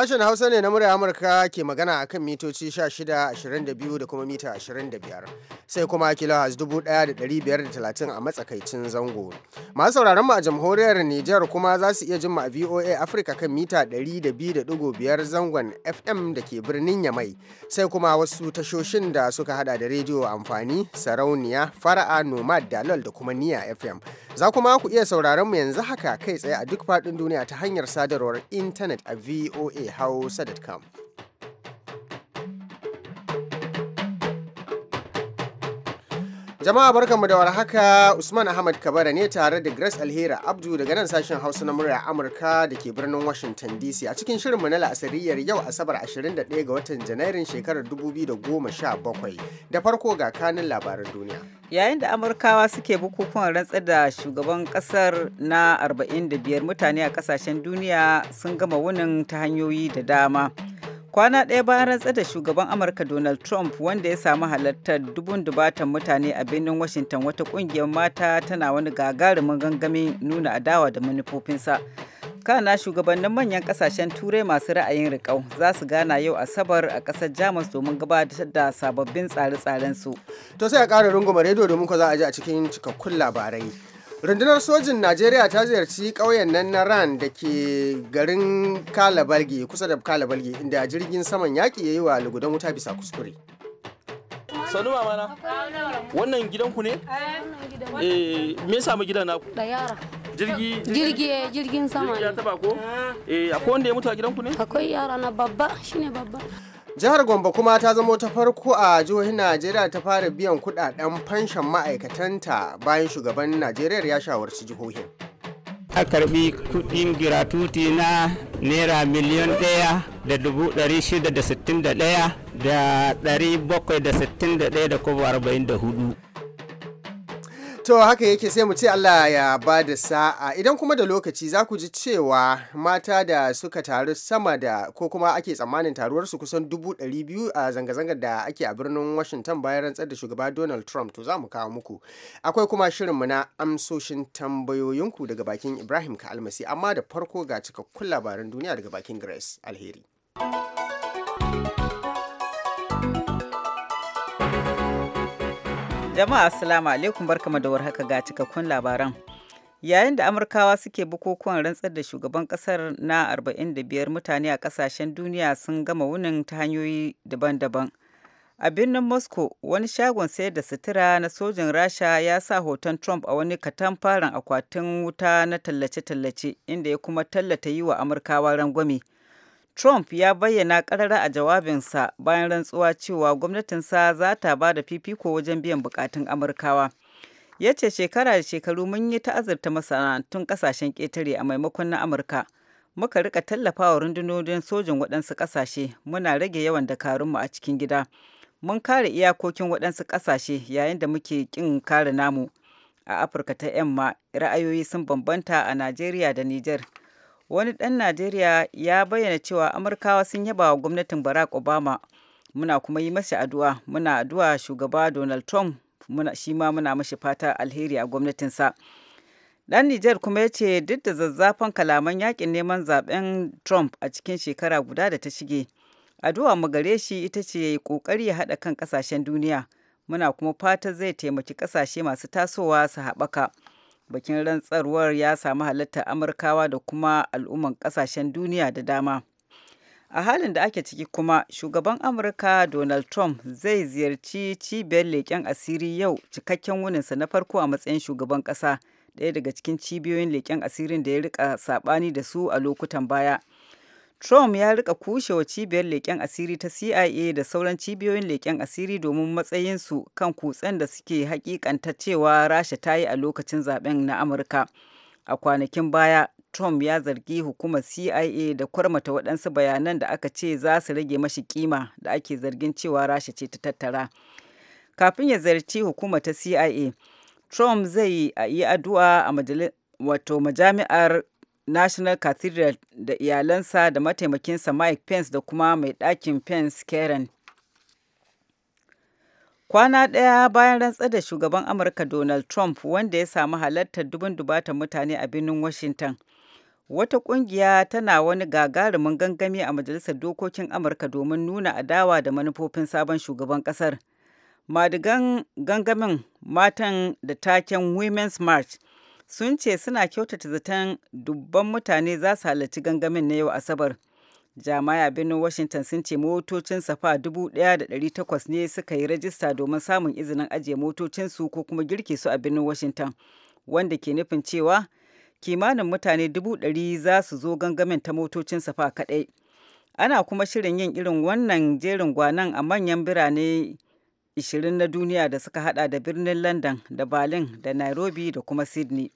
Sashen Hausa ne na murya Amurka ke magana a kan mitoci 16, 22 da kuma mita 25. Sai kuma kilohaz 1530 a matsakaicin zango. Masu sauraron mu a jamhuriyar Nijar kuma za su iya jin ma a VOA Africa kan mita 102.5 zangon FM da ke birnin Yamai. Sai kuma wasu tashoshin da suka hada da rediyo amfani, sarauniya, fara'a, nomad, dalol da kuma niya FM. Za kuma ku iya sauraron mu yanzu haka kai tsaye a duk faɗin duniya ta hanyar sadarwar intanet a VOA how said it come. Jama'a barkanmu da warhaka Usman Ahmad Kabara ne tare da Grace Alhera Abdu daga nan sashen Hausa na murya Amurka da ke birnin Washington DC a cikin shirinmu na la'asariyar yau Asabar 21 ga watan Janairun shekarar 2017. Da farko ga kanin labaran duniya. Yayin da Amurkawa suke bukukuwan rantsar da shugaban kasar na 45 mutane a kasashen duniya sun gama wunin ta hanyoyi da dama. kwana ɗaya bayan rantsar da shugaban amurka donald trump wanda ya samu halartar dubun dubatan mutane a birnin washington wata ƙungiyar mata tana wani gagarumin gangamin nuna adawa da manufofinsa kana shugabannin manyan kasashen turai masu ra'ayin riƙau za su gana yau asabar a ƙasar jamus domin gabatar da sababbin tsare-tsarensu to sai a ƙara rungumar rediyo domin ko za a ji a cikin cikakkun labarai rundunar sojin najeriya ta ziyarci ƙauyen nan na ran da ke garin kalabalge kusa da kalabalge inda jirgin saman yaƙi ya yi wa lugudan wuta bisa kuskure sanu mama na wannan gidanku ne eh, eh me ya samu gidan naku da yara jirgi jirgi eh, jirgin sama ne ya taba ko eh akwai wanda ya mutu a gidanku ne akwai yara na babba shine babba jihar gombe kuma ta zamo ta farko a jihohin najeriya ta fara biyan kudaden fanshan ma'aikatanta bayan shugaban najeriya ya shawarci jihohin a karbi kudin giratuti na naira miliyan daya da dubu dari shida da sittin da daya da dari bakwai da sittin da daya da kuma arba'in da hudu To haka yake sai mu ce Allah ya ba da sa'a idan kuma da lokaci za ku ji cewa mata da suka taru sama da ko kuma ake tsammanin taruwar su kusan dubu ɗari biyu a zanga-zangar da ake a birnin Washington bayan rantsar da shugaba Donald Trump to za mu kawo muku. Akwai kuma shirin mu na amsoshin tambayoyinku daga bakin Ibrahim Kalmasi amma da farko ga cikakkun labaran duniya daga bakin Grace Alheri. Jama'a Assalamu alaikum barkama da warhaka ga cikakkun labaran. Yayin da Amurkawa suke bukukuwan rantsar da shugaban kasar na 45 mutane a kasashen duniya sun gama wunin ta hanyoyi daban-daban. A birnin Moscow, wani shagon sayar da sutura na sojin Rasha ya sa hoton Trump a wani katamfaran akwatin wuta na tallace-tallace inda ya kuma tallata yi wa Amurkawa rangwame. Trump ya bayyana karara a jawabinsa bayan rantsuwa cewa gwamnatinsa za ta ba da fifiko wajen biyan bukatun Amurkawa. Ya ce shekara da shekaru mun yi ta azurta masana'antun kasashen ƙetare a maimakon na Amurka. Muka rika tallafawa rundunonin sojin waɗansu ƙasashe muna rage yawan dakarunmu a cikin gida. Mun kare iyakokin waɗansu ƙasashe yayin da muke ƙin kare namu. A Afirka ta yamma ra'ayoyi sun bambanta a Najeriya da Nijar. wani ɗan najeriya ya bayyana cewa amurkawa sun yaba wa gwamnatin barack obama muna kuma yi masa addu'a muna addu'a shugaba donald trump muna, shi ma muna mashi fata alheri a gwamnatinsa ɗan nijar kuma ya ce duk da zazzafan kalaman yakin neman zaben trump a cikin shekara guda da ta shige addu'a mu gare shi ita ce ya yi kokari ya haɗa kan ƙasashen duniya muna kuma fata zai taimaki ƙasashe masu tasowa su haɓaka Bikin rantsarwar ya samu halittar Amurkawa da kuma al'umman ƙasashen duniya da dama. A halin da ake ciki kuma, shugaban Amurka Donald Trump zai ziyarci cibiyar leƙen asiri yau cikakken wuninsa na farko a matsayin shugaban ƙasa, ɗaya daga cikin cibiyoyin leƙen asirin da ya rika saɓani da su a lokutan baya. Trump ya rika kushewa cibiyar leƙen asiri ta CIA da sauran cibiyoyin leƙen asiri domin matsayinsu kan kutsen da suke hakikanta cewa Rasha ta yi a lokacin zaben na Amurka. A kwanakin baya, Trump ya zargi hukumar CIA da kwarmata waɗansu bayanan da aka ce za su rage mashi kima da ake zargin cewa Rasha ce ta tattara. Kafin ya zarci hukumar ta CIA, Trump zai yi addu'a a wato majami'ar National Cathedral da iyalansa da mataimakinsa Mike Pence da kuma mai ɗakin Pence Karen. Kwana ɗaya bayan rantsa da shugaban Amurka Donald Trump wanda ya samu halartar dubun dubatan mutane a birnin Washington. Wata ƙungiya tana wani gagarumin gangami a Majalisar Dokokin Amurka domin nuna adawa da manufofin sabon shugaban ƙasar. Madigan gangamin matan da taken Women's March sun ce suna kyautata zaton dubban mutane za su halarci gangamin na yau asabar a birnin washington sun ce motocin safa 1,800 ne suka yi rajista domin samun izinin ajiye motocinsu ko kuma girke su a birnin washington wanda ke nufin cewa kimanin mutane 100,000 za su zo gangamin ta motocin safa kadai. ana kuma shirin yin irin wannan jerin gwanan a manyan birane 20 na duniya da suka hada da birnin London da Berlin da Nairobi da kuma Sydney.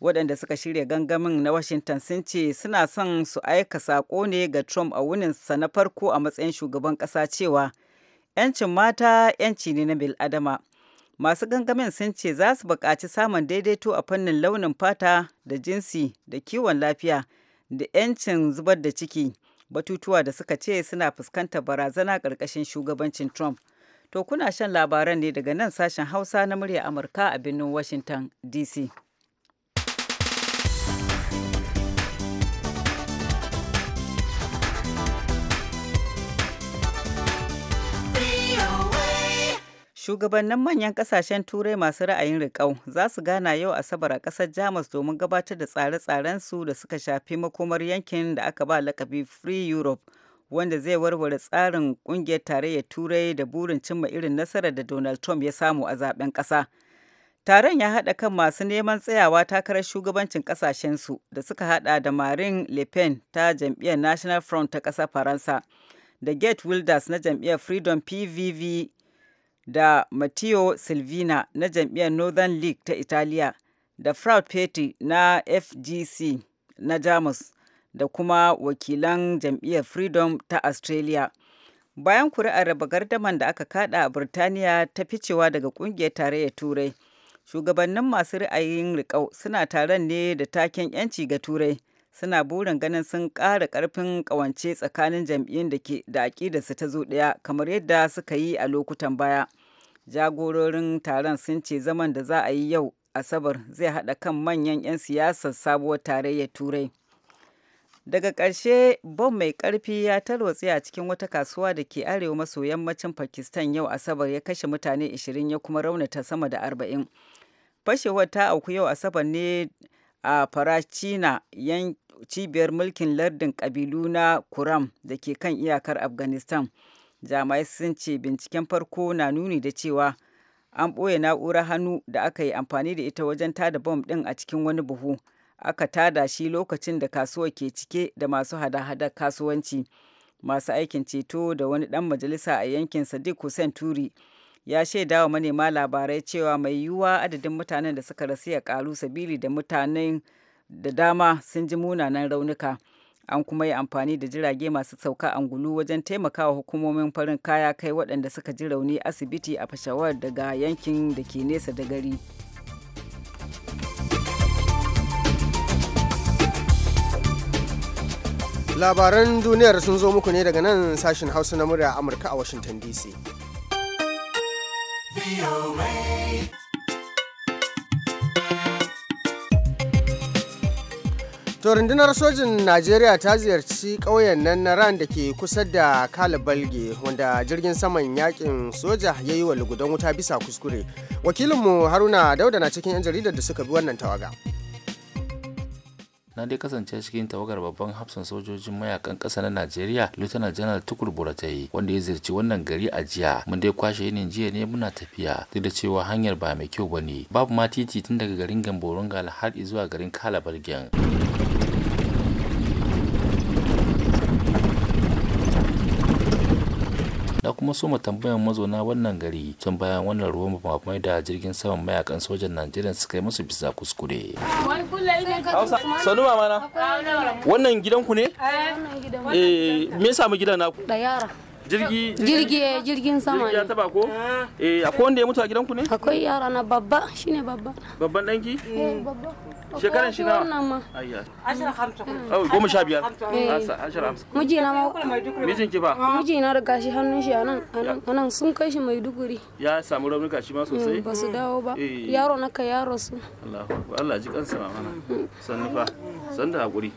Waɗanda suka shirya gangamin na Washington sun ce suna son su aika saƙo ne ga Trump a wuninsa na farko a matsayin shugaban ƙasa cewa 'yancin mata 'yanci ne na bil adama Masu gangamin sun ce za su buƙaci samun daidaito a fannin launin fata da jinsi da kiwon lafiya da 'yancin zubar da ciki batutuwa da suka ce suna fuskantar barazana ƙarƙashin shugabancin Trump. To kuna shan labaran ne daga nan sashen Hausa na murya Amurka a birnin Washington DC. shugabannin manyan kasashen turai masu ra'ayin riƙau za su gana yau asabar a ƙasar jamus domin gabatar da tsare tsarensu da suka shafi makomar yankin da aka ba lakabi free europe wanda zai warware tsarin kungiyar tarayyar turai da burin cimma irin nasarar da donald trump ya samu a zaben kasa taron ya haɗa kan masu neman tsayawa takarar shugabancin ƙasashensu da suka haɗa da marin le pen ta jam'iyyar national front ta ƙasar faransa da gate wilders na jam'iyyar freedom pvv da matteo silvina na jam'iyyar northern league ta italiya da fraud petty na fgc na jamus da kuma wakilan jam'iyyar freedom ta australia bayan kuri'ar raba gardaman da aka kada a birtaniya ta ficewa daga kungiyar tarayyar turai shugabannin masu ra'ayin riƙau suna taron ne da taken 'yanci ga turai suna burin ganin sun ƙara ƙarfin ƙawance tsakanin jam'iyyun da ke da su ta zo ɗaya kamar yadda suka yi a lokutan baya jagororin taron sun ce zaman da za a yi yau asabar zai haɗa kan manyan 'yan siyasar sabuwar tarayyar turai daga ƙarshe bom mai ƙarfi ya tarwatse a cikin wata kasuwa da ke arewa maso yammacin pakistan yau asabar ya kashe mutane 20 ya kuma raunata sama da 40 fashewar ta auku yau asabar ne a farachina yan cibiyar mulkin lardin kabilu na kuram da ke kan iyakar afghanistan jami'ai sun ce binciken farko na nuni da cewa an ɓoye na'urar hannu da aka yi amfani da ita wajen tada bom ɗin a cikin wani buhu aka tada shi lokacin da kasuwa ke cike da masu hada-hadar kasuwanci masu aikin ceto da wani dan majalisa a yankin sadiq hussein turi ya shaida wa manema labarai cewa mai yiwuwa adadin mutanen da suka rasu ya karu sabili da mutanen da dama sun ji munanan raunuka an kuma yi amfani da jirage masu sauka angulu wajen taimakawa hukumomin farin kaya kai waɗanda suka ji rauni asibiti a fashawar daga yankin da ke nesa da gari. labaran duniyar sun zo muku ne daga nan sashen hausa na murya amurka a washington dc To rundunar sojin Najeriya ta ziyarci ƙauyen nan na ran da ke kusa da Kalabalge wanda jirgin saman yakin soja ya yi wa lugudan wuta bisa kuskure. Wakilinmu Haruna Dauda na cikin 'yan jaridar da suka bi wannan tawaga. na dai kasance cikin tawagar babban hafsan sojojin mayakan ƙasa na najeriya lieutenant general tukur buratai wanda ya ziyarci wannan gari a jiya mun dai kwashe yinin jiya ne muna tafiya duk da cewa hanyar ba mai kyau bane babu ma titi tun daga garin gamborungal har zuwa garin kalabalgen kuma soma tambayan mazauna wannan gari tun bayan wannan ruwan mafamai da jirgin saman mayakan sojan najeriya suka yi musu bisa kuskure sanu mama na wannan gidanku ne eh, eh me yasa mu gidan naku da yara jirgi jirgi eh, jirgin sama ne ya taba ko ah. eh akwai wanda ya mutu a gidanku ne akwai yara na babba shine babba babban danki eh babba shekaran shi na ayya hamsin mm. goma sha biyar eh. ashara hamsin miji na ma mijin ki fa ah. miji na riga shi hannun shi anan anan sun kai shi maiduguri ya samu raunuka shi ma sosai mm, ba su dawo ba eh. yaro na ka yaro su Allahu akbar Allah ji kansa mana mm. sannu fa sannu hakuri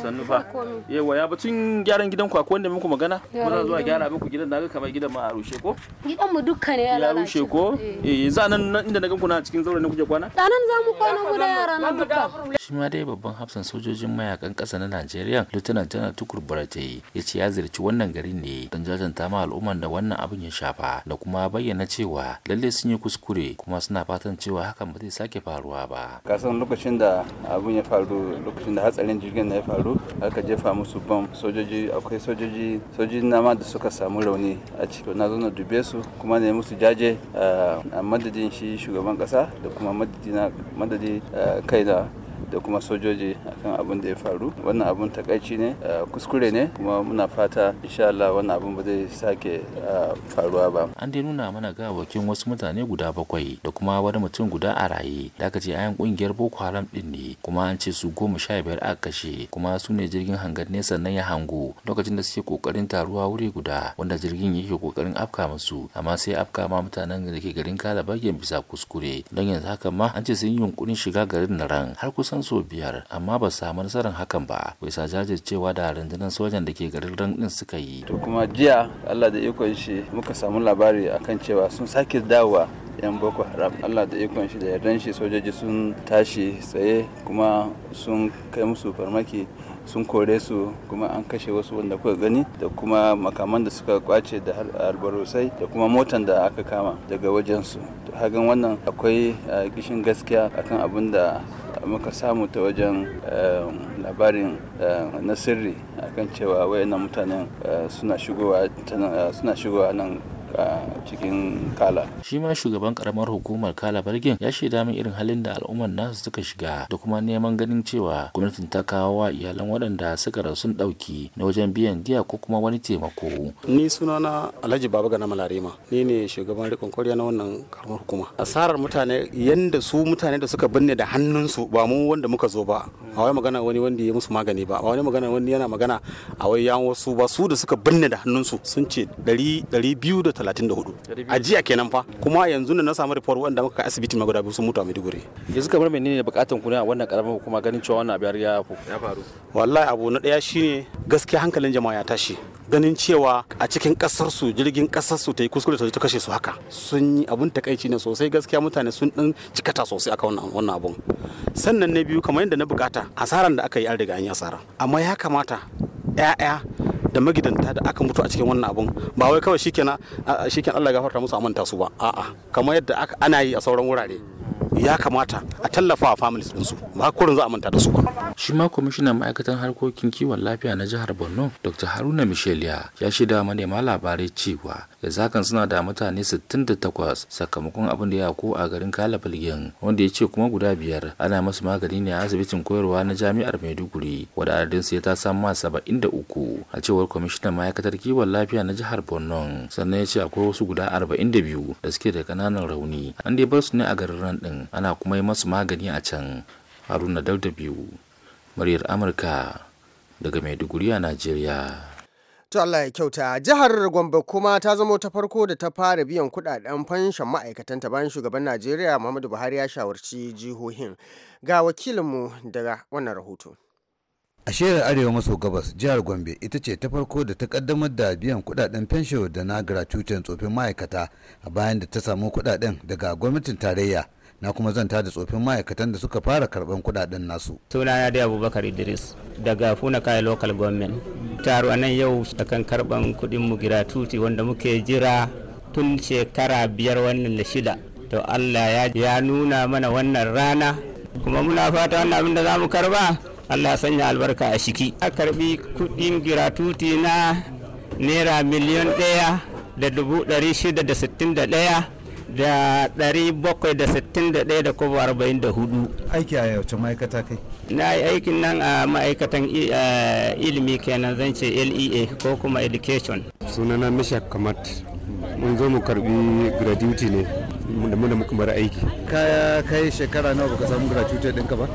sannu fa yawa ya batun gyaran gidan ku akwai wanda muku magana muna zuwa gyara muku gidan naga kamar gidan ma a rushe ko gidan mu dukkan ya rushe ko eh, eh za nan inda na ganku na cikin zaure ne kuke kwana nan za mu kwana mu da yara na duka. shima dai babban hafsan sojojin mayakan ƙasa na najeriya lieutenant general tukur buratai ya ce ya ziyarci wannan garin ne don jajanta ma al'umman da wannan abin ya shafa da kuma bayyana cewa lalle sun yi kuskure kuma suna fatan cewa hakan ba zai sake faruwa ba kasan lokacin da abin ya faru lokacin da hatsarin jirgin na ya faru aka jefa musu bam sojoji akwai sojoji sojoji na ma da suka samu rauni a ciki na zo na dube su kuma ne musu jaje eh, a madadin shi shugaban kasa da kuma madadi eh, kai da da kuma sojoji akan abin da ya faru wannan abin takaici ne eh, kuskure ne kuma muna fata insha Allah wannan abin ba zai sake eh, faruwa ba an dai nuna mana ga gawakin wasu mutane guda bakwai da kuma wani mutum guda a raye da aka ce ayan kungiyar Boko Haram din ne kuma an ce su goma sha biyar a kashe kuma su ne jirgin hangar ne sannan ya hango lokacin da suke kokarin taruwa wuri guda wanda jirgin yake kokarin afka musu amma sai afka ma mutanen da ke garin bagen bisa kuskure don yanzu haka ma an ce sun yi yunkurin shiga garin Naran har kusan sau biyar amma ba samu nasarar hakan ba bai sa jajircewa da rundunar sojan da ke garin ran din suka yi to kuma jiya Allah da ikon shi muka samu labari akan cewa sun sake dawowa yan boko haram allah da ikon shi da yardan shi sojoji sun tashi tsaye kuma sun kai musu farmaki sun kore su kuma an kashe wasu wanda kuka gani da kuma makaman da suka kwace da albarosai da kuma motan da aka kama daga wajensu hagan wannan akwai gishin ah, gaskiya akan abin da muka samu ta wajen eh, labarin eh, na sirri akan cewa wayannan mutanen eh, suna shigowa nan cikin kala shi ma shugaban karamar hukumar kala balgin ya shaida min irin halin da al'ummar nasu suka shiga da kuma neman ganin cewa gwamnatin ta kawo wa iyalan waɗanda suka rasu ɗauki na wajen biyan diya ko kuma wani taimako ni sunana alhaji baba gana malarima ni ne shugaban rikon kwarya na wannan karamar hukuma asarar mutane yanda su mutane da suka binne da hannunsu ba mu wanda muka zo ba a wai magana wani wanda ya musu magani ba a wani magana wani yana magana a wai yawon wasu ba su da suka binne da hannunsu sun ce 200 34 a kenan fa kuma yanzu na samu report wanda muka kai asibiti ma guda biyu sun mutu a Maiduguri yanzu kamar menene bukatun ku ne a wannan karamar hukuma ganin cewa wannan abu ya faru wallahi abu na daya shine gaskiya hankalin jama'a ya tashi ganin cewa a cikin kasar su jirgin kasar su ta yi kuskure ta kashe su haka sun yi abun takaici ne sosai gaskiya mutane sun dan cikata sosai a wannan wannan abun sannan na biyu kamar yadda na bukata asaran da aka yi an riga an yi asara amma ya kamata 'ya'ya da magidanta da aka mutu a cikin wannan abun ba wai kawai shikenan shikenan Allah ya gafarta musu manta su ba a'a kamar yadda ana yi a sauran wurare ya kamata a tallafa wa families ɗinsu ba kurin za a manta da su shi ma kwamishinan ma'aikatan harkokin kiwon lafiya na jihar borno dr haruna michelia ya shida manema labarai cewa da zakan suna da mutane 68 sakamakon abin da ya ko a garin kalabalgin wanda ya ce kuma guda biyar ana masu magani ne a asibitin koyarwa na jami'ar maiduguri wadda adadinsu ya ta sama 73 a cewar cewar kwamishinan ma'aikatar kiwon lafiya na jihar borno sannan ya ce akwai wasu guda arba'in da biyu da suke da kananan rauni an dai bar su ne a garin ran din ana kuma yi masu magani a can haruna dauda biyu muryar amurka daga maiduguri a najeriya To Allah ya kyauta jihar Gombe kuma ta zamo ta farko da ta fara biyan kudaden fanshan ma'aikatanta bayan shugaban Najeriya Muhammadu Buhari ya shawarci jihohin. Ga wakilinmu daga wannan rahoto. a shirin arewa maso gabas jihar gombe ita ce ta farko da ta kaddamar da biyan kudaden fensho da na gratuitin tsofin ma'aikata a bayan da ta samu kudaden daga gwamnatin tarayya na kuma zanta da tsofin ma'aikatan da suka fara karban kudaden nasu sunana da abubakar idris daga funa kai local government taro nan yau akan karban kudin mu gratuity wanda muke jira tun shekara biyar wannan da shida to allah ya nuna mana wannan rana kuma muna fata wannan abin da za mu karba Allah sanya albarka a shiki a karbi kudin giratuti na naira miliyan ɗaya da dubu ɗari shida da sittin da ɗaya da ɗari bakwai da sittin da ɗaya da kobo arba'in da hudu aiki a yawancin ma'aikata kai na yi aikin nan a ma'aikatan eh, ilimi kenan zan ce lea ko kuma education sunana Misha kamat mun zo mu karbi gratuity ne da mu da muka bar aiki kaya kai shekara nawa baka samu gratuity ɗinka ba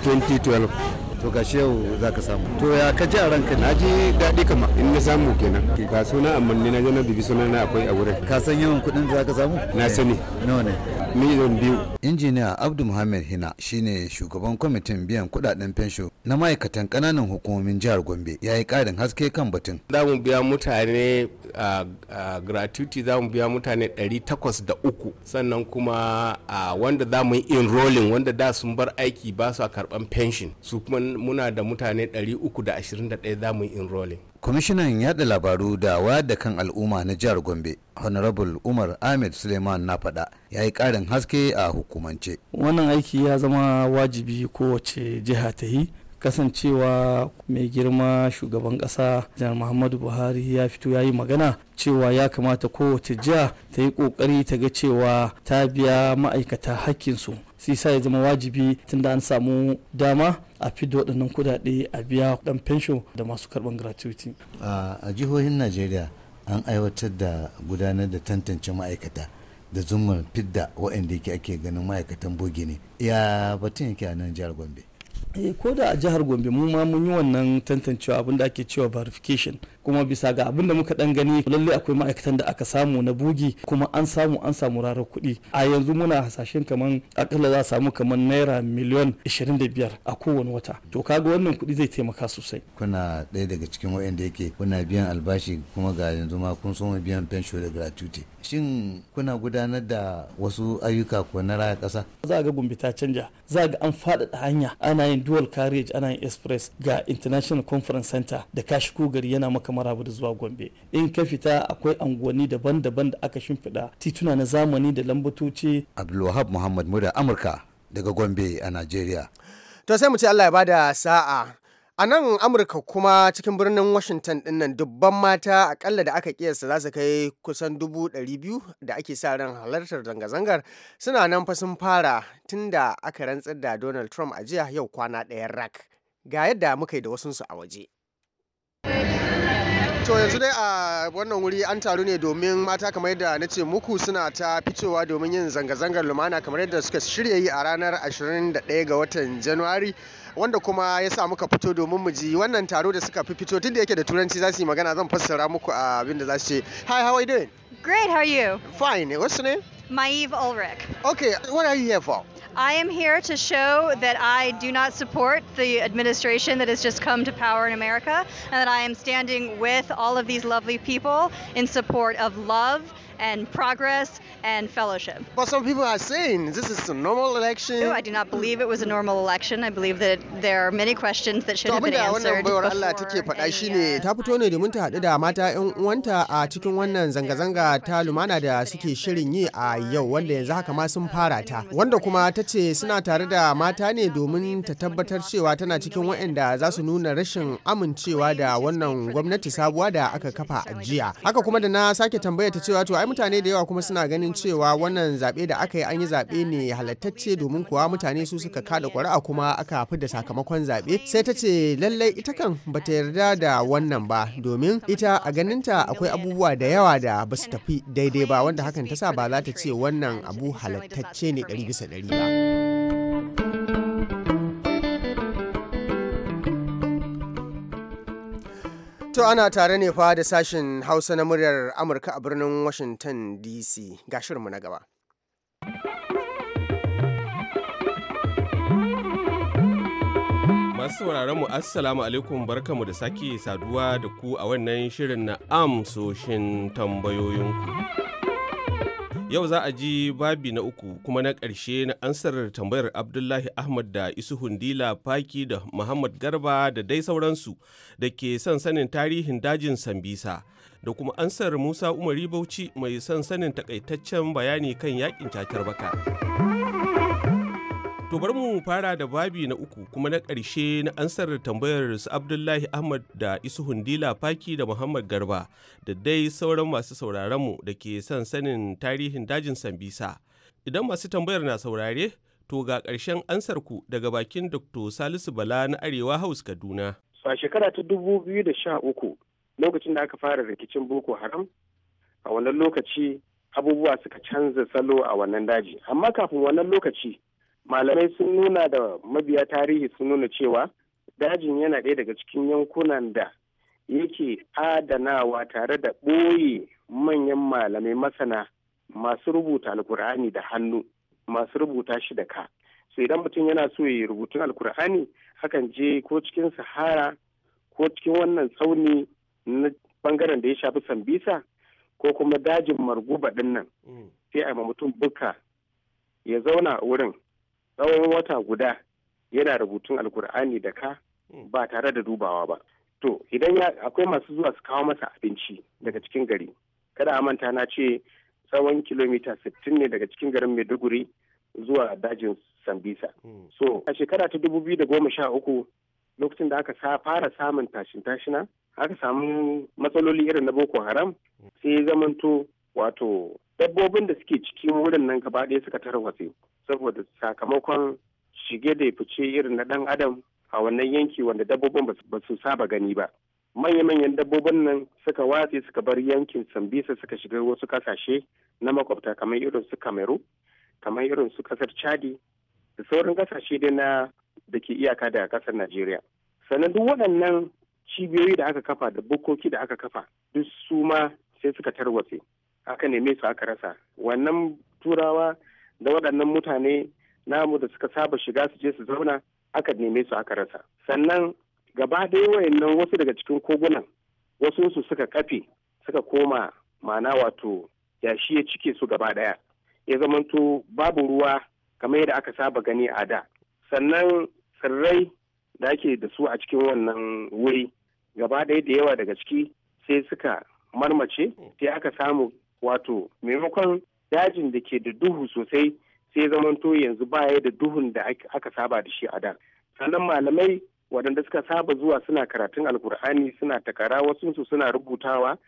2012 to ga yau za ka samu to ya ka ji a ranka na ji daɗi kama in na samu kenan ga suna amma ni na je na bibi suna na akwai a wurin ka san yawan kuɗin za ka samu na sani nawa ne miliyan biyu injiniya abdu muhammad hina shine shugaban kwamitin biyan kuɗaɗen fensho na ma'aikatan ƙananan hukumomin jihar gombe ya yi ƙarin haske kan batun za mu biya mutane a gratuity za mu biya mutane 803 sannan kuma wanda za mu yi enrolling wanda da sun bar aiki ba su a karɓan pension su kuma muna da mutane 321 za mu yi enrolling kwamishinan yaɗa labaru da wayar da kan al'umma na jihar gombe honorable umar ahmed suleiman na faɗa ya yi ƙarin haske a hukumance wannan aiki ya zama wajibi kowace jiha ta yi kasancewa mai girma shugaban ƙasa janar muhammadu buhari ya fito ya yi magana cewa ya kamata kowace jiha ta yi ƙoƙari ta ga cewa ta biya ma'aikata hakkinsu sai sa ya zama wajibi tun da an samu dama a fidda waɗannan kuɗaɗe a biya ɗan fensho da masu karɓan gratuity a jihohin najeriya an aiwatar da gudanar da tantance ma'aikata da zumar fidda waɗanda yake ake ganin ma'aikatan bogi ne ya batun yake a nan jihar gombe eh, ko da a jihar gombe mu ma mun yi wannan tantancewa abin da ake cewa verification kuma bisa ga abin da muka dan gani lalle akwai ma'aikatan da aka samu na bugi kuma an samu an samu rarar kuɗi a yanzu muna hasashen kaman akalla za a samu kaman naira miliyan 25 a kowane wata to kaga wannan kuɗi zai taimaka sosai kuna ɗaya daga cikin waɗanda yake kuna biyan albashi kuma ga yanzu ma kun so biyan pension da gratuity shin kuna gudanar da wasu ayyuka ko na raya ƙasa za a ga gumbita ta canja za ga an faɗaɗa hanya ana yin dual carriage ana yin express ga international conference center da kashi gari yana maka maraba da zuwa gombe in ka fita akwai unguwanni daban-daban da aka shimfiɗa tituna na zamani da lambatoci abdulwahab muhammad muda amurka daga gombe a nigeria to sai mu ce allah ya bada sa'a A nan Amurka kuma cikin birnin Washington dinnan dubban mata akalla da aka kiyasta za su kai kusan dubu ɗari biyu da ake sa ran halartar zanga-zangar suna nan fa sun fara tun da aka rantsar da Donald Trump a jiya yau kwana ɗaya rak. Ga yadda muka yi da wasunsu a waje. To yanzu dai a wannan wuri an taru ne domin mata kamar yadda na ce muku suna ta fitowa domin yin zanga-zangar lumana kamar yadda suka shirya yi a ranar 21 ga watan Januwari wanda kuma ya sa muka fito domin mu ji wannan taro da suka fi fito tun da yake da turanci za su yi magana zan fassara muku abin da za su ce. Hi, how are you doing? Great, how are you? Fine. What's your name? Maive Ulrich. Okay, what are you here for? I am here to show that I do not support the administration that has just come to power in America and that I am standing with all of these lovely people in support of love and progress and fellowship. But some people are saying this is a normal election. No, I do not believe it was a normal election. I believe that there are many questions that should have been answered. baiwar Allah take faɗa ne. Uh, ta fito ne domin ta haɗu da mata 'yan uwanta a cikin wannan zanga-zanga ta lumana da suke shirin yi a yau wanda yanzu haka ma sun fara ta wanda kuma ta ce suna tare da mata ne domin ta tabbatar cewa tana cikin waɗanda za su nuna rashin amincewa da wannan gwamnati sabuwa da aka kafa a jiya haka kuma da na sake tambaya ta cewa to ai mutane da yawa kuma suna ganin cewa wannan zaɓe da aka yi an yi zaɓe ne halattacce domin kuwa mutane su suka kada ƙuri'a kuma aka fi da sakamakon zaɓe sai ta ce lallai ita kan bata yarda da wannan ba domin ita a ganinta akwai abubuwa da yawa da ba su tafi daidai ba wanda hakan ta sa ba za ta ce wannan abu halattacce ne ɗari bisa ɗari ba. To ana tare ne fa da sashen Hausa na muryar Amurka a birnin Washington DC ga shirinmu na gaba. Masu sauraron mu Assalamu alaikum barkamu da sake saduwa da ku a wannan shirin na amsoshin tambayoyinku. Yau za a ji babi na uku kuma na ƙarshe na ansar tambayar Abdullahi Ahmad da Isu Hundila Faki da Muhammad Garba da dai sauransu da ke son sanin tarihin dajin Sambisa da kuma ansar Musa Umari Bauchi mai son sanin takaitaccen bayani kan yakin cakar baka. To bari mu fara da babi na uku kuma na ƙarshe na ansar tambayar su Abdullahi Ahmad da Isu Hundila Faki da Muhammad Garba da dai sauran masu mu da ke son sanin tarihin dajin Sambisa. Idan masu tambayar na saurare, to ga ƙarshen ansar ku daga bakin Dr. Salisu Bala na Arewa House Kaduna. A shekara ta dubu biyu da sha uku lokacin da aka fara rikicin Boko Haram, a wannan lokaci abubuwa suka canza salo a wannan daji. Amma kafin wannan lokaci, malamai sun nuna da mabiya tarihi sun nuna cewa dajin yana ɗaya daga cikin yankunan da yake adanawa tare da ɓoye manyan malamai masana masu rubuta alkur'ani da hannu masu rubuta shi da ka so idan mutum yana so ya yi rubutun alkur'ani hakan je ko cikin sahara ko cikin wannan tsauni na bangaren da ya shafi sambisa ko kuma dajin marguba ɗin nan mm. sai a mutum buka ya zauna wurin tsawon wata guda yana rubutun alkur'ani da ka ba tare da dubawa ba to idan akwai masu zuwa su kawo masa abinci daga cikin gari kada a manta na ce tsawon kilomita 60 ne daga cikin garin maiduguri zuwa dajin sambisa hmm. so a shekara ta 2013 lokacin da aka fara samun tashin tashina aka samu matsaloli irin na boko haram sai zamanto wato dabbobin da suke cikin wurin nan gaba ɗaya suka tarwatse saboda sakamakon shige da fice irin na dan adam a wannan yanki wanda dabbobin ba su saba gani ba manya-manyan dabbobin nan suka watse suka bar yankin sambisa suka shiga wasu kasashe na makwabta kamar irin su kameru kamar irin su kasar chadi da sauran kasashe dai na da ke iyaka da kasar najeriya sannan duk waɗannan cibiyoyi da aka kafa da bukoki da aka kafa duk su ma sai suka tarwatse aka neme su aka rasa wannan turawa da waɗannan mutane namu da suka saba shiga su je su zauna aka neme su aka rasa sannan gaba ɗaya wayannan wasu daga cikin kogunan wasu su suka kafe suka koma mana wato yashi ya cike su gaba ɗaya ya zamanto babu ruwa kamar yadda aka saba gani a da sannan tsirrai da ake da su a cikin wannan wuri gaba ɗaya da yawa daga ciki sai suka marmace sai aka samu wato maimakon dajin da ke da duhu sosai sai zamanto yanzu baya da duhun da aka saba da shi a da sannan malamai waɗanda suka saba zuwa suna karatun alkur'ani suna takara su suna rubutawa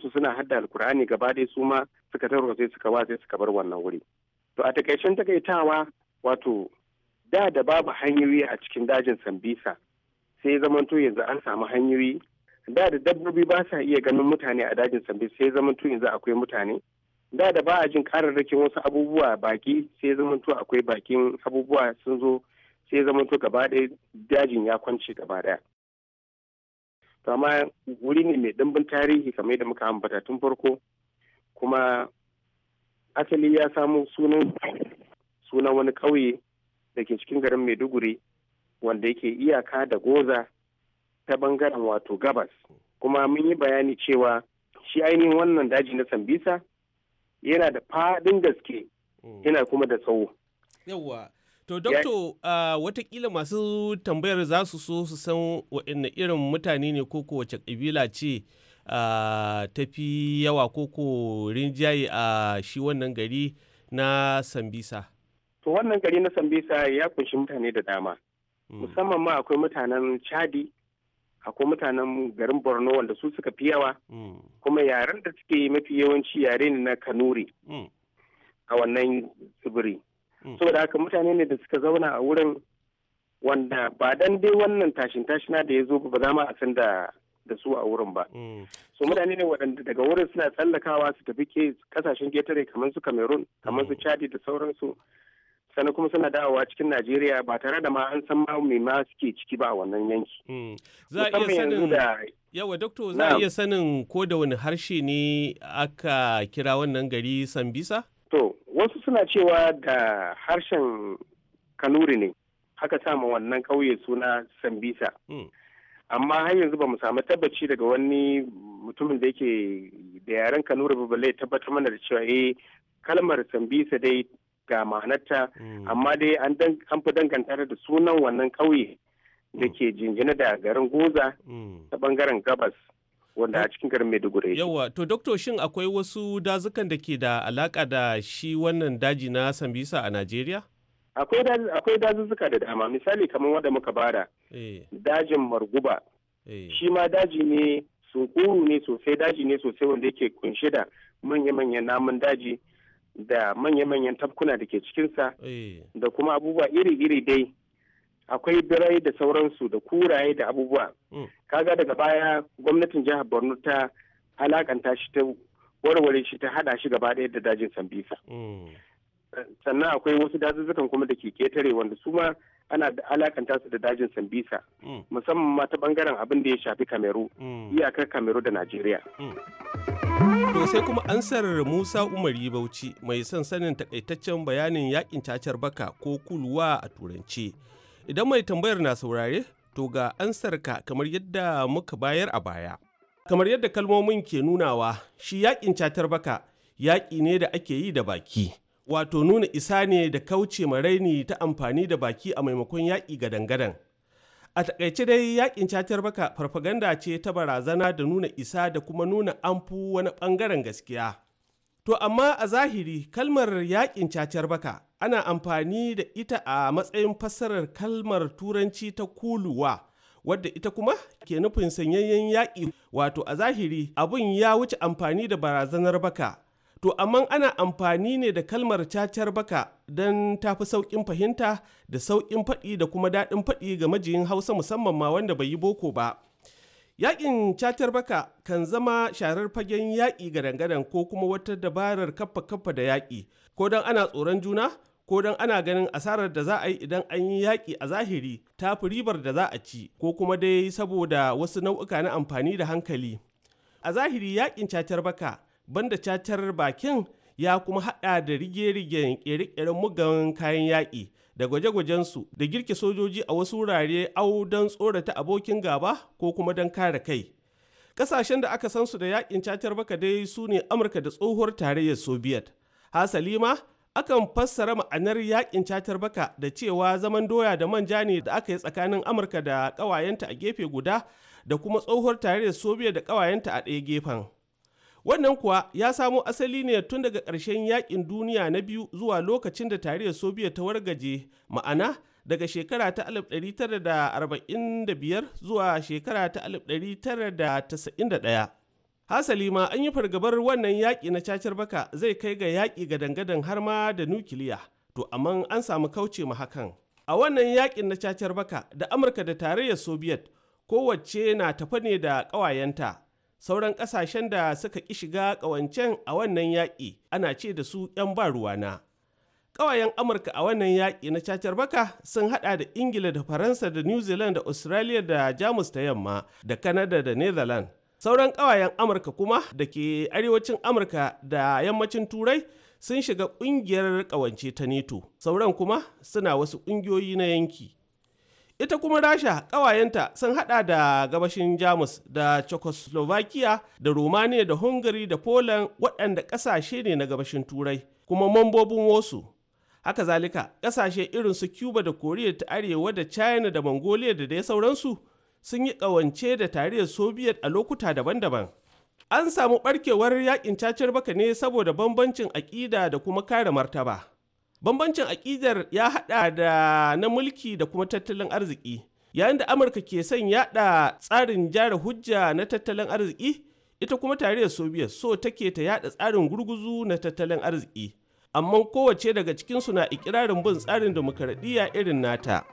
su suna hadda alkur'ani gaba dai su ma suka tarwa sai suka ba sai suka bar wannan wuri to a takaicen takaitawa wato da da babu hanyoyi a cikin dajin sambisa sai zamanto yanzu an samu hanyoyi da da dabbobi ba sa iya ganin mutane a dajin sambisa sai zamanto yanzu akwai mutane da da ba a jin kararrakin wasu abubuwa baki sai zamanto akwai bakin abubuwa sun zo sai zamanto gaba ɗaya dajin ya kwance gaba ɗaya to wuri ne mai ɗimbin tarihi kamar yadda muka ambata tun farko kuma asali ya samu sunan sunan wani ƙauye da ke cikin garin maiduguri wanda yake iyaka da goza ta bangaren wato gabas kuma mun yi bayani cewa shi ainihin wannan daji na sambisa yana da faɗin gaske hmm. yana kuma da tsawo. Yawwa, to dokto watakila masu tambayar za su so su san waɗanne irin mutane ne ko wace ƙabila ce ta fi yawa ko ko rinjaye a shi wannan gari na Sambisa. To wannan gari na Sambisa ya kunshi mutane da dama. Hmm. Musamman ma akwai mutanen Chadi akwai mutanen garin borno wanda su suka fi yawa mm. kuma yaren da suke mafi yawanci yare ne na kanuri mm. a wannan tsibiri mm. saboda haka mutane ne da suka zauna a wurin wanda ba dan dai wannan tashin tashina da ya zo ba za ma a san da su a wurin ba. So mutane ne waɗanda daga wurin suna tsallakawa su tafi ke kasashen getare kamar su Cameroon, kamar su Chadi da sauransu sannan kuma suna dawowa cikin najeriya ba tare da ma an san ma me ma suke ciki ba a wannan yanki hmm. za a iya sanin yawa doktor za a iya sanin ko da wani harshe ne aka kira wannan gari sambisa to wasu suna cewa da harshen kanuri ne haka sama wannan kauye suna sambisa hmm. amma har yanzu ba mu samu tabbaci daga wani mutumin da yake da yaren kanuri ba balle tabbatar mana da cewa eh kalmar sambisa dai ga ma'anarta hmm. amma dai an fi danganta da sunan wannan ƙauye da hmm. ke jinjina da garin goza hmm. ta bangaren gabas wanda a cikin garin maiduguri yawa to doktor shin akwai wasu dazukan da ke da alaka da shi wannan daji na sambisa a najeriya akwai dazuzzuka da dama misali kamar wanda muka bada eh. dajin marguba eh. shi ma daji ne sunkuru ne sosai daji ne sosai wanda yake kunshe da manya-manyan namun daji da manya-manyan tafkuna da ke cikinsa eh. da kuma abubuwa iri-iri dai akwai birai da sauransu da kuraye da abubuwa mm. kaga daga baya gwamnatin jihar borno ta alakanta shi ta warware shi ta hada shi gaba ɗaya da dajin sambisa mm. sannan akwai wasu dazuzzukan kuma da ke ketare wanda su ma ana alakanta su da dajin sambisa mm. musamman ma ta bangaren abin da ya shafi kameru iyakar kameru da najeriya To sai kuma ansar Musa Umari Bauchi mai son sanin takaitaccen bayanin yakin cacar baka ko kulwa a turance. Idan mai tambayar na saurare, to ga ansar ka kamar yadda muka bayar a baya. Kamar yadda kalmomin ke nunawa, shi yakin cacar baka yaƙi ne da ake yi da baki. Wato nuna isa ne da kauce ma ta amfani da baki a maimakon yaƙi gadan-gadan. A takaice dai yakin cacar baka farfaganda ce ta barazana da nuna isa da kuma nuna amfu wani bangaren gaskiya. To amma a zahiri kalmar yakin cacar baka ana amfani da ita a matsayin fassarar kalmar turanci ta kuluwa wadda ita kuma ke nufin sanyayyen yaƙi wato a zahiri abun ya wuce amfani da barazanar baka to amma ana amfani ne da kalmar cacar baka don tafi sauƙin fahimta da sauƙin faɗi da kuma daɗin faɗi ga majiyin hausa musamman ma wanda bai yi boko ba yaƙin cacar baka kan zama sharar fagen yaƙi ga dangadan ko kuma wata dabarar kaffa kaffa da yaƙi ko don ana tsoron juna ko don ana ganin asarar da za a yi idan an yi yaƙi a zahiri ta fi ribar da za a ci ko kuma dai saboda wasu nau'uka na amfani da hankali a zahiri yaƙin cacar baka banda cacar bakin ya kuma hada da rige-rigen kere-keren mugan kayan yaƙi da gwaje-gwajensu da girke sojoji a wasu wurare au don tsorata abokin gaba ko kuma don kare kai ƙasashen da aka san su da yaƙin cacar baka dai su ne amurka da tsohuwar tarayyar soviet hasali ma akan fassara ma'anar yaƙin cacar baka da cewa zaman doya da manja ne da aka yi tsakanin amurka da ƙawayenta a gefe guda da kuma tsohuwar tarayyar soviet da ƙawayenta a ɗaya gefen Wannan kuwa ya samo asali ne tun daga ƙarshen yakin duniya na biyu zuwa lokacin da tarihin Soviet ta wargaje, ma'ana daga shekara ta 1945 zuwa shekara ta 1991. Hasali ma an yi fargabar wannan yaƙi na cacar baka zai kai ga yaƙi ga dangadan har ma da nukiliya, to amma an samu kauce ma hakan. A wannan yaƙin na cacar baka da Amurka da tarayyar Soviet kowace na tafa ne da ƙawayenta. sauran ƙasashen da suka ƙi shiga ƙawancen a wannan yaƙi ana ce da su 'yan ba ruwana. Ƙawayen Amurka a wannan yaƙi na cacar baka sun haɗa da Ingila da Faransa da New Zealand da Australia da Jamus ta yamma da Canada da Netherlands. Sauran ƙawayen Amurka kuma da ke arewacin Amurka da yammacin Turai sun shiga ƙungiyar ƙawance ta NATO. Sauran kuma suna wasu ƙungiyoyi na yanki. ita kuma rasha ƙawayenta sun hada da gabashin jamus da czechoslovakia da romania da hungary da poland waɗanda ƙasashe ne na gabashin turai kuma mambobin wasu haka zalika ƙasashe irin su cuba da koriya ta arewa da china da mongolia da dai sauransu sun yi ƙawance da tarayyar soviet a lokuta daban-daban an samu ɓarkewar yakin cacar baka ne saboda bambancin aƙida da kuma kare martaba Bambancin aƙidar ya haɗa da na mulki da kuma tattalin arziki. Yayin da Amurka ke son yaɗa tsarin jara hujja na tattalin arziki, ita kuma tarayyar Soviet so take ta yaɗa tsarin gurguzu na tattalin arziki. Amma kowace daga cikinsu na ikirarin bin tsarin demokaradiyya irin nata.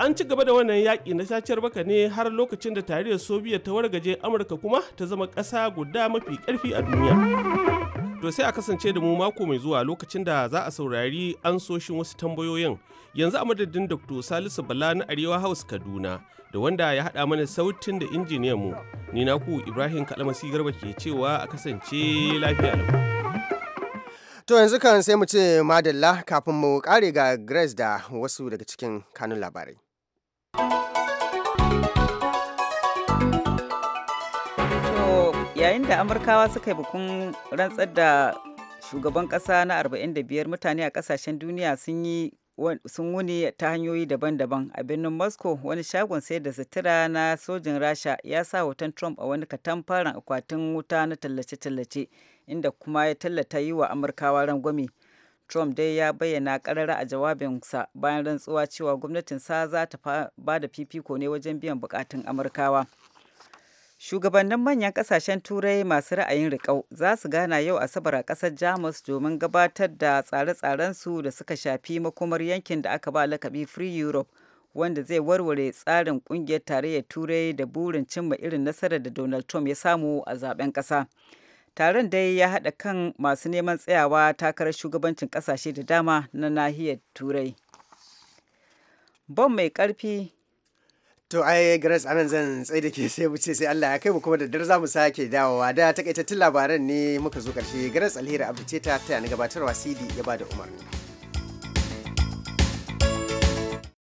An ci gaba da wannan yaƙi na sacar baka ne har lokacin da tarayyar Soviet ta wargaje Amurka kuma ta zama ƙasa guda mafi ƙarfi a duniya. To sai a kasance da mu mako mai zuwa lokacin da za a saurari ansoshin wasu tambayoyin. Yanzu a madadin Dr. Salisu Bala na Arewa House Kaduna da wanda ya haɗa mana sautin da injiniyan mu. Ni ku Ibrahim Kalamasi Garba ke cewa a kasance lafiya lau. To yanzu kan sai mu ce madalla kafin mu kare ga Grace da wasu daga cikin kanun labarai. yayin da amurkawa suka yi bukun rantsar da shugaban kasa na 45 mutane a kasashen duniya sun yi sun wuni ta hanyoyi daban-daban a birnin moscow wani shagon sai da sutura na sojin rasha ya sa hoton trump a wani katamfaran akwatin wuta na tallace-tallace inda kuma ya tallata yi wa amurkawa rangwami trump dai ya bayyana karara a jawabinsa bayan rantsuwa cewa gwamnatinsa za ta ba da fifiko ne wajen biyan bukatun amurkawa Shugabannin manyan kasashen Turai masu ra'ayin riƙau za su gana yau Asabar a ƙasar Jamus domin gabatar da tsare-tsarensu da suka shafi makomar yankin da aka ba lakabi Free Europe wanda zai warware tsarin ƙungiyar tarayyar Turai da burin cimma irin nasarar da Donald Trump ya samu a zaben ƙasa. Taron dai ya haɗa kan masu neman tsayawa takarar shugabancin ƙasashe da dama na nahiyar Turai. Bom mai ƙarfi To ai Grace anan zan tsaye da ke sai wuce sai Allah ya kai mu kuma da dare zamu sake dawowa da takaitattun labaran ne muka zo karshe Grace Alheri Abdu ce ta taya gabatarwa CD ya ba da umarni.